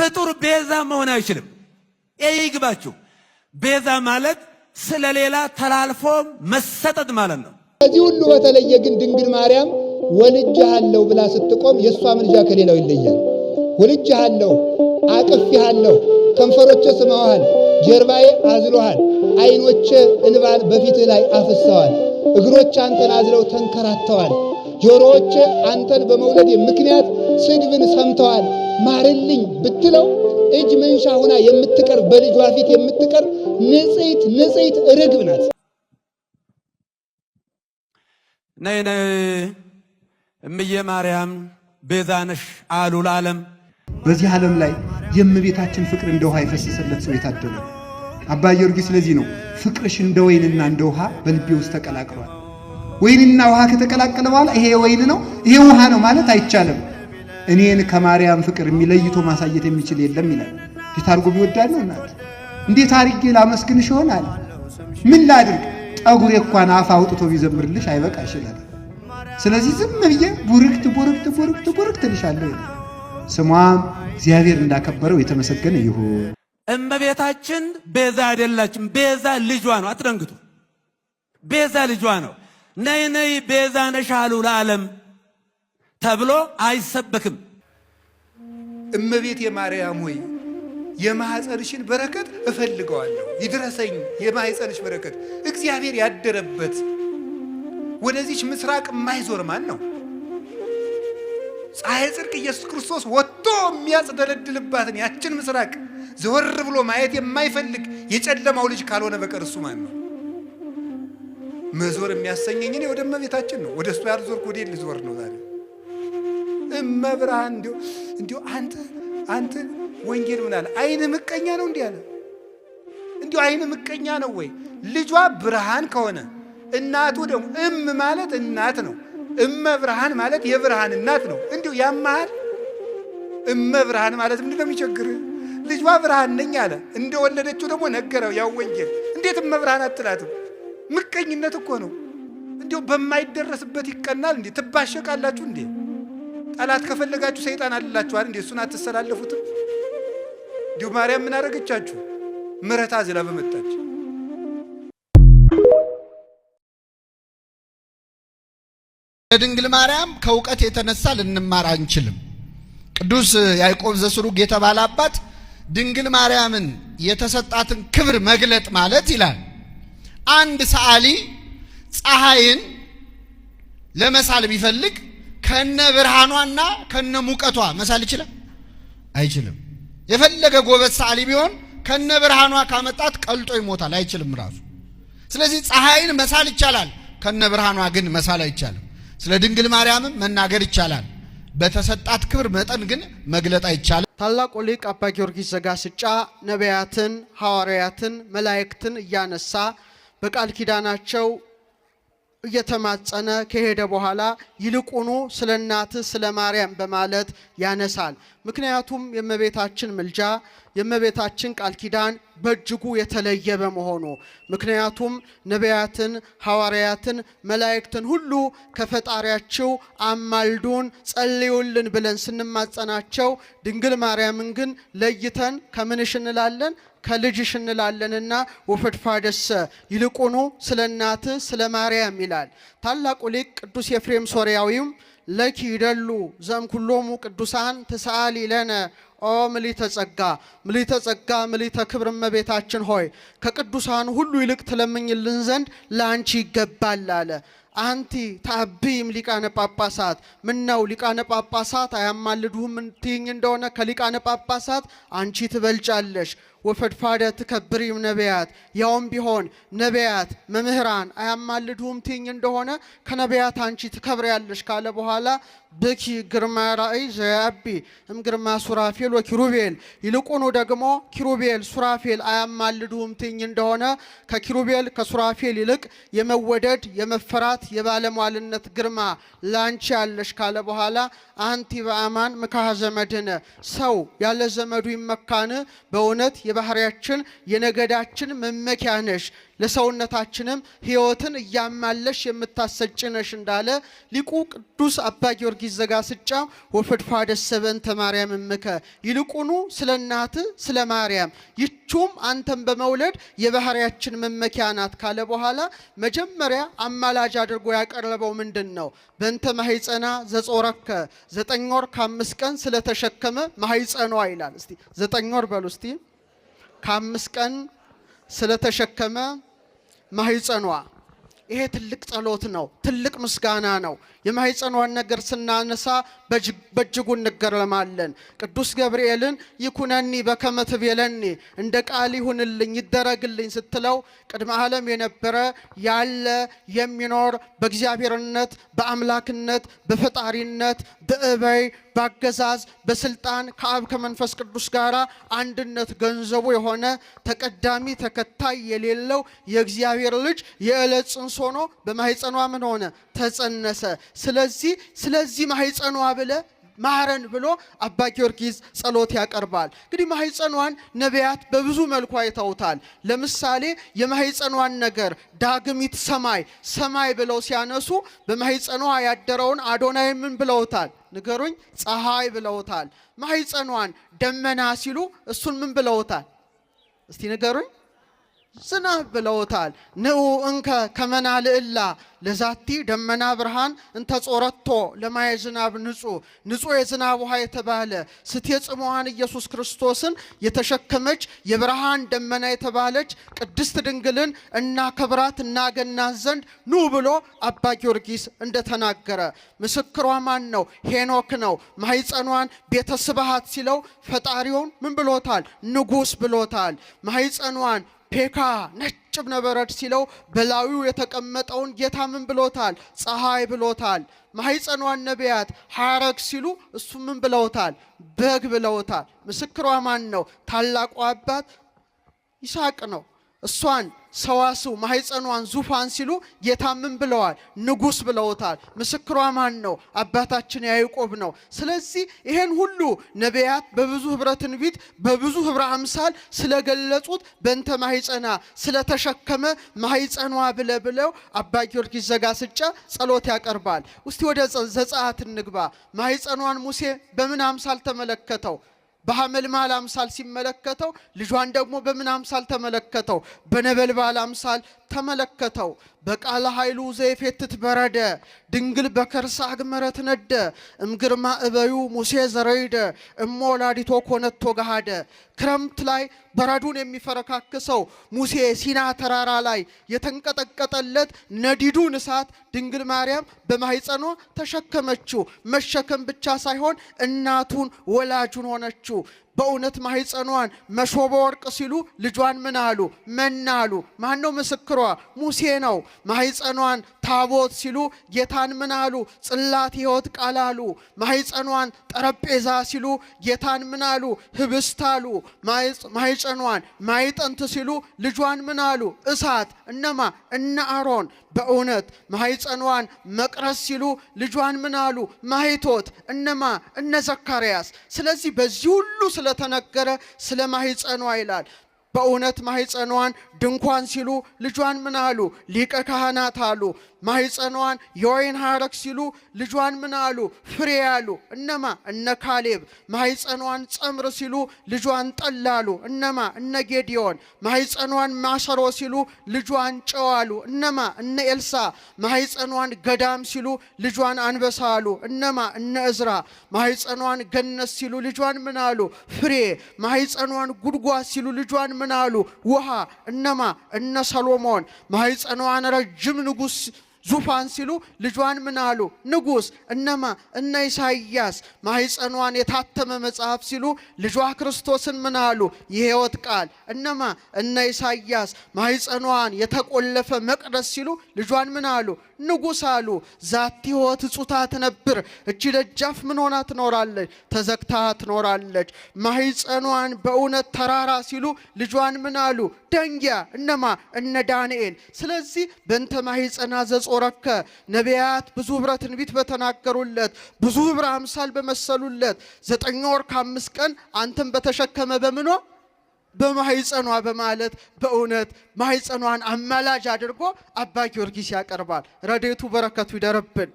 ፍጡር ቤዛ መሆን አይችልም። ይህ ይግባችሁ። ቤዛ ማለት ስለሌላ ተላልፎ መሰጠት ማለት ነው። ከዚህ ሁሉ በተለየ ግን ድንግል ማርያም ወልጅሃለሁ ብላ ስትቆም የእሷ ምልጃ ከሌላው ይለያል። ወልጅሃለሁ፣ አቅፌሃለሁ፣ ከንፈሮቼ ስመዋሃል፣ ጀርባዬ አዝሎሃል፣ ዓይኖቼ እንባን በፊትህ ላይ አፍሰዋል፣ እግሮች አንተን አዝለው ተንከራተዋል፣ ጆሮዎቼ አንተን በመውለድ ምክንያት ስድብን ሰምተዋል ማርልኝ ብትለው እጅ መንሻ ሆና የምትቀርብ በልጇ ፊት የምትቀርብ ንጽሕት ንጽሕት ርግብ ናት። ነይ ነይ እምዬ ማርያም ቤዛ ነሽ አሉ ለዓለም። በዚህ ዓለም ላይ የእመቤታችን ፍቅር እንደ ውሃ የፈሰሰለት ሰው የታደለ አባ ጊዮርጊስ። ስለዚህ ነው ፍቅርሽ እንደ ወይንና እንደ ውሃ በልቤ ውስጥ ተቀላቅሏል። ወይንና ውሃ ከተቀላቀለ በኋላ ይሄ ወይን ነው ይሄ ውሃ ነው ማለት አይቻልም። እኔን ከማርያም ፍቅር የሚለይቶ ማሳየት የሚችል የለም ይላል። ፊት አድርጎ ቢወዳድ ነው እናት እንዴት አድርጌ ላመስግንሽ ይሆናል? ምን ላድርግ? ጠጉሬ እንኳን አፍ አውጥቶ ቢዘምርልሽ አይበቃ ይችላል። ስለዚህ ዝም ብዬ ቡርክት ቡርክት ቡርክት ቡርክት ልሻለሁ። ስሟም እግዚአብሔር እንዳከበረው የተመሰገነ ይሁን። እመቤታችን ቤዛ አይደላችን። ቤዛ ልጇ ነው። አትደንግቱ። ቤዛ ልጇ ነው። ነይ ነይ ቤዛ ነሻሉ ለዓለም ተብሎ አይሰበክም። እመቤት የማርያም ሆይ የማህፀንሽን በረከት እፈልገዋለሁ፣ ይድረሰኝ የማህፀንሽ በረከት። እግዚአብሔር ያደረበት ወደዚች ምስራቅ የማይዞር ማን ነው? ፀሐይ ጽድቅ ኢየሱስ ክርስቶስ ወጥቶ የሚያጽደለድልባትን ያችን ምስራቅ ዘወር ብሎ ማየት የማይፈልግ የጨለማው ልጅ ካልሆነ በቀር እሱ ማን ነው? መዞር የሚያሰኘኝ እኔ ወደ እመቤታችን ነው። ወደ እሱ ያልዞርኩ ወዴት ልዞር ነው ዛሬ? እመብርሃን እንዲሁ እንዲሁ አንተ አንተ ወንጌል ምናለ አይን ምቀኛ ነው እንዲህ አለ። እንዲሁ አይን ምቀኛ ነው ወይ? ልጇ ብርሃን ከሆነ እናቱ ደግሞ እም ማለት እናት ነው። እመ ብርሃን ማለት የብርሃን እናት ነው። እንዲሁ ያመሃል። እመ ብርሃን ማለት ምንድን ነው የሚቸግርህ? ልጇ ብርሃን ነኝ አለ። ወለደችው ደግሞ ነገረው። ያው ወንጌል እንዴት እመ ብርሃን አትላትም? ምቀኝነት እኮ ነው። እንዲሁ በማይደረስበት ይቀናል እንዴ? ትባሸቃላችሁ እንዴ? ጠላት ከፈለጋችሁ ሰይጣን አይደል እንዴ? እሱን አትሰላለፉትም? እንዲሁ ማርያም ምን አደረገቻችሁ? ምሕረት አዝላ በመጣች ለድንግል ማርያም ከእውቀት የተነሳ ልንማር አንችልም። ቅዱስ ያዕቆብ ዘስሩግ የተባለ አባት ድንግል ማርያምን የተሰጣትን ክብር መግለጥ ማለት ይላል አንድ ሰዓሊ ፀሐይን ለመሳል ቢፈልግ ከነ ብርሃኗና ከነ ሙቀቷ መሳል ይችላል? አይችልም። የፈለገ ጎበዝ ሰዓሊ ቢሆን ከነ ብርሃኗ ካመጣት ቀልጦ ይሞታል። አይችልም ራሱ። ስለዚህ ፀሐይን መሳል ይቻላል፣ ከነ ብርሃኗ ግን መሳል አይቻልም። ስለ ድንግል ማርያምም መናገር ይቻላል፣ በተሰጣት ክብር መጠን ግን መግለጥ አይቻልም። ታላቁ ሊቅ አባ ጊዮርጊስ ዘጋስጫ ነቢያትን፣ ሐዋርያትን፣ መላእክትን እያነሳ በቃል ኪዳናቸው እየተማጸነ ከሄደ በኋላ ይልቁኑ ስለ እናት ስለ ማርያም በማለት ያነሳል። ምክንያቱም የእመቤታችን ምልጃ የእመቤታችን ቃል ኪዳን በእጅጉ የተለየ በመሆኑ ምክንያቱም ነቢያትን፣ ሐዋርያትን፣ መላእክትን ሁሉ ከፈጣሪያቸው አማልዱን፣ ጸልዩልን ብለን ስንማጸናቸው ድንግል ማርያምን ግን ለይተን ከምንሽ እንላለን ከልጅሽ እንላለንና ወፍድፋደሰ ይልቁኑ ስለ እናት ስለ ማርያም ይላል ታላቁ ሊቅ ቅዱስ ኤፍሬም ሶርያዊም ለኪ ይደሉ ዘምኩሎሙ ቅዱሳን ትስአሊ ለነ ኦ ምሊተ ጸጋ ምሊተ ጸጋ ምሊተ ክብር እመቤታችን ሆይ ከቅዱሳን ሁሉ ይልቅ ትለምኝልን ዘንድ ለአንቺ ይገባል አለ። አንቲ ታቢም ሊቃነ ጳጳሳት ምነው ሊቃነ ጳጳሳት አያማልዱህም ትይኝ እንደሆነ ከሊቃነ ጳጳሳት አንቺ ትበልጫለሽ። ወፈድፋደ ትከብሪም ነቢያት ያውም ቢሆን ነቢያት መምህራን አያማልዱም ትኝ እንደሆነ ከነቢያት አንቺ ትከብሪያለሽ ካለ በኋላ ብኪ ግርማ ራእይ ዘያቢ እም ግርማ ሱራፌል ወኪሩቤል ይልቁኑ ደግሞ ኪሩቤል ሱራፌል አያማልዱም ትኝ እንደሆነ ከኪሩቤል ከሱራፌል ይልቅ የመወደድ የመፈራት የባለሟልነት ግርማ ላንቺ ያለሽ ካለ በኋላ አንቲ በአማን ምካህ ዘመድነ ሰው ያለ ዘመዱ ይመካን በእውነት የባህሪያችን የነገዳችን መመኪያ ነሽ፣ ለሰውነታችንም ሕይወትን እያማለሽ የምታሰጭ ነሽ እንዳለ ሊቁ ቅዱስ አባ ጊዮርጊስ ዘጋስጫ ወፈድፋደ ሰበእንተ ማርያም እምከ ይልቁኑ ስለ እናት ስለ ማርያም ይቹም አንተን በመውለድ የባህሪያችን መመኪያ ናት ካለ በኋላ መጀመሪያ አማላጅ አድርጎ ያቀረበው ምንድን ነው? በእንተ ማህፀና ዘጾረከ ዘጠኝ ወር ከአምስት ቀን ስለተሸከመ ማህፀኗ ይላል። እስቲ ዘጠኝ ወር በሉ እስቲ ከአምስት ቀን ስለተሸከመ ማህፀኗ ይሄ ትልቅ ጸሎት ነው። ትልቅ ምስጋና ነው። የማህፀኗን ነገር ስናነሳ በእጅጉ እንገረማለን። ቅዱስ ገብርኤልን ይኩነኒ በከመ ትቤለኒ እንደ ቃል ይሁንልኝ ይደረግልኝ ስትለው ቅድመ ዓለም የነበረ ያለ የሚኖር በእግዚአብሔርነት በአምላክነት በፈጣሪነት በእበይ በአገዛዝ በስልጣን ከአብ ከመንፈስ ቅዱስ ጋር አንድነት ገንዘቡ የሆነ ተቀዳሚ ተከታይ የሌለው የእግዚአብሔር ልጅ የዕለት ጽንስ ሆኖ በማህፀኗ ምን ሆነ? ተጸነሰ። ስለዚህ ስለዚህ ማህፀኗ ብለ ማረን ብሎ አባ ጊዮርጊስ ጸሎት ያቀርባል። እንግዲህ ማህፀኗን ነቢያት በብዙ መልኩ አይተውታል። ለምሳሌ የማህፀኗን ነገር ዳግሚት ሰማይ ሰማይ ብለው ሲያነሱ በማህፀኗ ያደረውን አዶናይ ምን ብለውታል? ንገሩኝ። ፀሐይ ብለውታል። ማህፀኗን ደመና ሲሉ እሱን ምን ብለውታል? እስቲ ንገሩኝ። ዝናብ ብለውታል። ንዑ እንከ ከመና ልእላ ለዛቲ ደመና ብርሃን እንተ ጾረቶ ለማየ ዝናብ ንጹ ንጹ የዝናብ ውሃ የተባለ ስቴ ጽምዋን ኢየሱስ ክርስቶስን የተሸከመች የብርሃን ደመና የተባለች ቅድስት ድንግልን እናከብራት እናገና ዘንድ ኑ ብሎ አባ ጊዮርጊስ እንደተናገረ ምስክሯ ማን ነው? ሄኖክ ነው። ማይጸኗን ቤተ ስብሃት ሲለው ፈጣሪውን ምን ብሎታል? ንጉሥ ብሎታል። ማይጸኗን ፔካ ነጭ ነበረድ ሲለው በላዩ የተቀመጠውን ጌታ ምን ብሎታል? ፀሐይ ብሎታል። ማኅፀኗን ነቢያት ሐረግ ሲሉ እሱ ምን ብለውታል? በግ ብለውታል። ምስክሯ ማን ነው? ታላቁ አባት ይስሐቅ ነው። እሷን ሰዋስው ማህፀኗን ዙፋን ሲሉ ጌታምን ብለዋል፣ ንጉስ ብለውታል። ምስክሯ ማን ነው? አባታችን ያዕቆብ ነው። ስለዚህ ይሄን ሁሉ ነቢያት በብዙ ህብረ ትንቢት በብዙ ህብረ አምሳል ስለገለጹት በእንተ ማህፀና ስለተሸከመ ማህፀኗ ብለ ብለው አባ ጊዮርጊስ ዘጋስጫ ጸሎት ያቀርባል። እስቲ ወደ ዘጸአት እንግባ። ማህፀኗን ሙሴ በምን አምሳል ተመለከተው? በሐመልማል አምሳል ሲመለከተው ልጇን ደግሞ በምን አምሳል ተመለከተው? በነበልባል አምሳል ተመለከተው። በቃለ ኃይሉ ዘየፌትት በረደ ድንግል በከርሳ አግመረት ነደ እምግርማ እበዩ ሙሴ ዘረይደ እሞ ላዲቶ ኮነቶ ገሃደ። ክረምት ላይ በረዱን የሚፈረካክሰው ሙሴ ሲና ተራራ ላይ የተንቀጠቀጠለት ነዲዱን እሳት ድንግል ማርያም በማይጸኖ ተሸከመችው። መሸከም ብቻ ሳይሆን እናቱን ወላጁን ሆነችው። በእውነት ማህፀኗን መሶበ ወርቅ ሲሉ ልጇን ምን አሉ? መና አሉ። ማን ነው ምስክሯ? ሙሴ ነው። ማህፀኗን ታቦት ሲሉ ጌታን ምን አሉ? ጽላት ሕይወት ቃል አሉ። ማህፀኗን ጠረጴዛ ሲሉ ጌታን ምን አሉ? ህብስት አሉ። ማህፀኗን ማይጠንት ሲሉ ልጇን ምን አሉ? እሳት። እነማ እነ አሮን በእውነት ማህፀኗን መቅረስ ሲሉ ልጇን ምን አሉ? ማህቶት። እነማ እነ ዘካርያስ። ስለዚህ በዚህ ሁሉ ስለተነገረ ስለ ማህፀኗ ይላል። በእውነት ማህፀኗን ድንኳን ሲሉ ልጇን ምን አሉ? ሊቀ ካህናት አሉ። ማህፀኗን የወይን ሐረግ ሲሉ ልጇን ምን አሉ? ፍሬ አሉ። እነማ እነ ካሌብ። ማህፀኗን ጸምር ሲሉ ልጇን ጠላሉ አሉ። እነማ እነ ጌዲዮን። ማህፀኗን ማሰሮ ሲሉ ልጇን ጨው አሉ። እነማ እነ ኤልሳ። ማህፀኗን ገዳም ሲሉ ልጇን አንበሳ አሉ። እነማ እነ እዝራ። ማህፀኗን ገነት ሲሉ ልጇን ምን አሉ? ፍሬ። ማህፀኗን ጉድጓድ ሲሉ ልጇን ምን አሉ? ውሃ። እነማ እነ ሰሎሞን። ማህፀኗን ረጅም ንጉስ ። ዙፋን ሲሉ ልጇን ምን አሉ? ንጉሥ። እነማ እነ ኢሳይያስ። ማኅፀኗን የታተመ መጽሐፍ ሲሉ ልጇ ክርስቶስን ምን አሉ? የሕይወት ቃል። እነማ እነ ኢሳይያስ። ማህፀኗን የተቆለፈ መቅደስ ሲሉ ልጇን ምን አሉ? ንጉሥ አሉ። ዛቲ ሕይወት ጹታ ትነብር፣ እቺ ደጃፍ ምን ሆና ትኖራለች? ተዘግታ ትኖራለች። ማህፀኗን በእውነት ተራራ ሲሉ ልጇን ምን አሉ? ደንጊያ። እነማ እነ ዳንኤል። ስለዚህ በእንተ ማህፀና ዘጾረከ ነቢያት ብዙ ህብረ ትንቢት በተናገሩለት ብዙ ህብረ አምሳል በመሰሉለት ዘጠኝ ወር ከአምስት ቀን አንተን በተሸከመ በምኖ በማህፀኗ በማለት በእውነት ማህፀኗን አማላጅ አድርጎ አባ ጊዮርጊስ ያቀርባል። ረዴቱ በረከቱ ይደርብን።